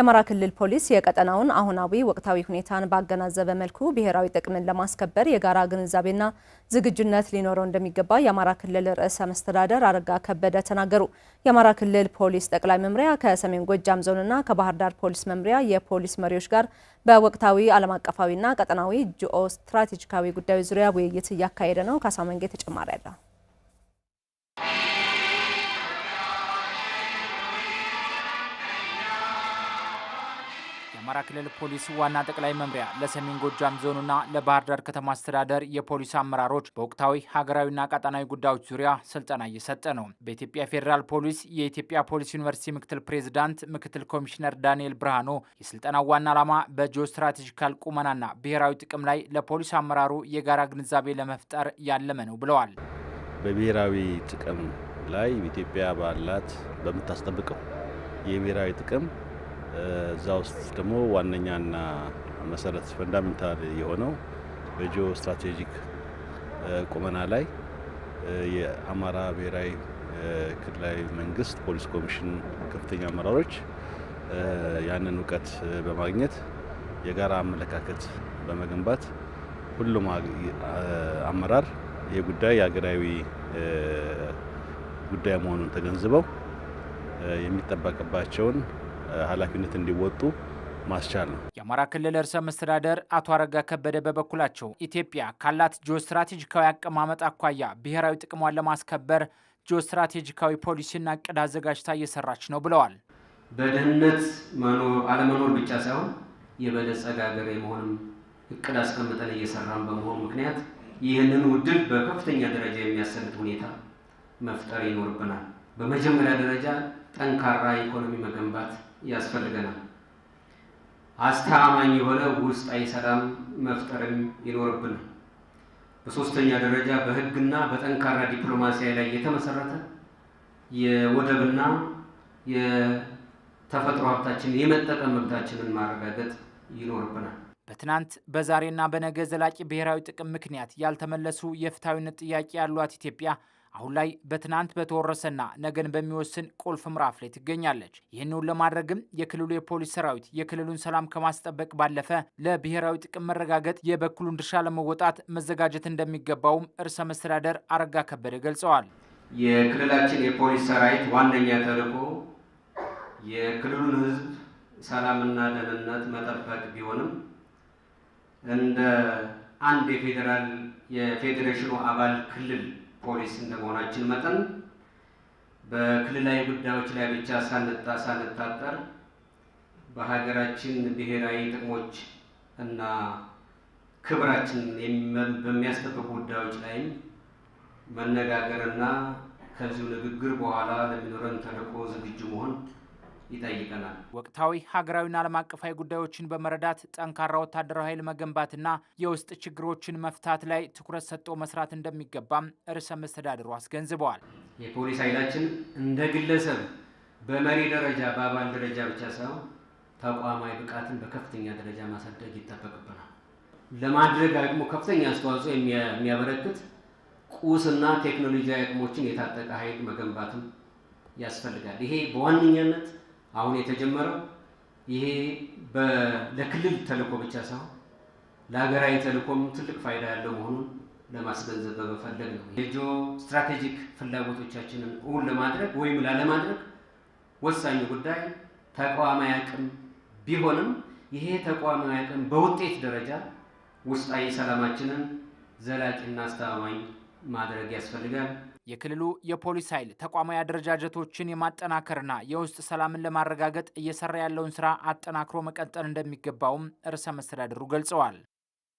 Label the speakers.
Speaker 1: የአማራ ክልል ፖሊስ የቀጠናውን አሁናዊ ወቅታዊ ሁኔታን ባገናዘበ መልኩ ብሔራዊ ጥቅምን ለማስከበር የጋራ ግንዛቤና ዝግጁነት ሊኖረው እንደሚገባ የአማራ ክልል ርዕሰ መስተዳደር አረጋ ከበደ ተናገሩ። የአማራ ክልል ፖሊስ ጠቅላይ መምሪያ ከሰሜን ጎጃም ዞንና ከባህር ዳር ፖሊስ መምሪያ የፖሊስ መሪዎች ጋር በወቅታዊ ዓለም አቀፋዊና ቀጠናዊ ጂኦ ስትራቴጂካዊ ጉዳዮች ዙሪያ ውይይት እያካሄደ ነው። ካሳመንጌ ተጨማሪ አለው። የአማራ ክልል ፖሊስ ዋና ጠቅላይ መምሪያ ለሰሜን ጎጃም ዞንና ለባህር ዳር ከተማ አስተዳደር የፖሊስ አመራሮች በወቅታዊ ሀገራዊና ቀጣናዊ ጉዳዮች ዙሪያ ስልጠና እየሰጠ ነው። በኢትዮጵያ ፌዴራል ፖሊስ የኢትዮጵያ ፖሊስ ዩኒቨርሲቲ ምክትል ፕሬዚዳንት ምክትል ኮሚሽነር ዳንኤል ብርሃኖ የስልጠናው ዋና ዓላማ በጂኦ ስትራቴጂካል ቁመናና ብሔራዊ ጥቅም ላይ ለፖሊስ አመራሩ የጋራ ግንዛቤ ለመፍጠር ያለመ ነው ብለዋል።
Speaker 2: በብሔራዊ ጥቅም ላይ ኢትዮጵያ ባላት በምታስጠብቀው የብሔራዊ ጥቅም እዛ ውስጥ ደግሞ ዋነኛና መሰረት ፈንዳሜንታል የሆነው በጂኦ ስትራቴጂክ ቁመና ላይ የአማራ ብሔራዊ ክልላዊ መንግስት ፖሊስ ኮሚሽን ከፍተኛ አመራሮች ያንን እውቀት በማግኘት የጋራ አመለካከት በመገንባት ሁሉም አመራር ይህ ጉዳይ የሀገራዊ ጉዳይ መሆኑን ተገንዝበው የሚጠበቅባቸውን ኃላፊነት እንዲወጡ ማስቻል ነው።
Speaker 1: የአማራ ክልል ርዕሰ መስተዳደር አቶ አረጋ ከበደ በበኩላቸው ኢትዮጵያ ካላት ጂኦስትራቴጂካዊ አቀማመጥ አኳያ ብሔራዊ ጥቅሟን ለማስከበር ጂኦስትራቴጂካዊ ፖሊሲና እቅድ አዘጋጅታ እየሰራች ነው ብለዋል።
Speaker 3: በድህነት አለመኖር ብቻ ሳይሆን የበለጸገ ሀገር የመሆንም እቅድ አስቀምጠን እየሰራን በመሆኑ ምክንያት ይህንን ውድል በከፍተኛ ደረጃ የሚያሰልጥ ሁኔታ መፍጠር ይኖርብናል። በመጀመሪያ ደረጃ ጠንካራ ኢኮኖሚ መገንባት ያስፈልገናል። አስተማማኝ የሆነ ውስጣዊ ሰላም መፍጠርም ይኖርብናል። በሶስተኛ ደረጃ በህግና በጠንካራ ዲፕሎማሲ ላይ የተመሰረተ የወደብና የተፈጥሮ ሀብታችን የመጠቀም መብታችንን ማረጋገጥ ይኖርብናል።
Speaker 1: በትናንት በዛሬና በነገ ዘላቂ ብሔራዊ ጥቅም ምክንያት ያልተመለሱ የፍትሐዊነት ጥያቄ ያሏት ኢትዮጵያ አሁን ላይ በትናንት በተወረሰና ነገን በሚወስን ቁልፍ ምዕራፍ ላይ ትገኛለች። ይህንውን ለማድረግም የክልሉ የፖሊስ ሰራዊት የክልሉን ሰላም ከማስጠበቅ ባለፈ ለብሔራዊ ጥቅም መረጋገጥ የበኩሉን ድርሻ ለመወጣት መዘጋጀት እንደሚገባውም እርሰ መስተዳደር አረጋ ከበደ ገልጸዋል።
Speaker 3: የክልላችን የፖሊስ ሰራዊት ዋነኛ ተልዕኮ የክልሉን ሕዝብ ሰላምና ደህንነት መጠበቅ ቢሆንም እንደ አንድ የፌዴራል የፌዴሬሽኑ አባል ክልል ፖሊስ እንደመሆናችን መጠን በክልላዊ ጉዳዮች ላይ ብቻ ሳንጣ ሳንታጠር በሀገራችን ብሔራዊ ጥቅሞች እና ክብራችን በሚያስጠብቁ ጉዳዮች ላይም መነጋገርና ከዚሁ ንግግር በኋላ ለሚኖረን ተልዕኮ ዝግጁ መሆን ይጠይቀናል።
Speaker 1: ወቅታዊ ሀገራዊና ዓለም አቀፋዊ ጉዳዮችን በመረዳት ጠንካራ ወታደራዊ ኃይል መገንባትና የውስጥ ችግሮችን መፍታት ላይ ትኩረት ሰጥቶ መስራት እንደሚገባም ርዕሰ መስተዳድሩ አስገንዝበዋል።
Speaker 3: የፖሊስ ኃይላችን እንደ ግለሰብ በመሪ ደረጃ በአባል ደረጃ ብቻ ሳይሆን ተቋማዊ ብቃትን በከፍተኛ ደረጃ ማሳደግ ይጠበቅብናል። ለማድረግ አቅሙ ከፍተኛ አስተዋጽኦ የሚያበረክት ቁስና ቴክኖሎጂ አቅሞችን የታጠቀ ኃይል መገንባትም ያስፈልጋል። ይሄ በዋነኛነት አሁን የተጀመረው ይሄ ለክልል ተልእኮ ብቻ ሳይሆን ለሀገራዊ ተልእኮም ትልቅ ፋይዳ ያለው መሆኑን ለማስገንዘብ በመፈለግ ነው። የጂኦ ስትራቴጂክ ፍላጎቶቻችንን እውን ለማድረግ ወይም ላለማድረግ ወሳኙ ጉዳይ ተቋማዊ አቅም ቢሆንም ይሄ ተቋማዊ አቅም በውጤት ደረጃ ውስጣዊ ሰላማችንን ዘላቂና አስተማማኝ ማድረግ ያስፈልጋል።
Speaker 1: የክልሉ የፖሊስ ኃይል ተቋማዊ አደረጃጀቶችን የማጠናከርና የውስጥ ሰላምን ለማረጋገጥ እየሰራ ያለውን ስራ አጠናክሮ መቀጠል እንደሚገባውም ርዕሰ መስተዳድሩ ገልጸዋል።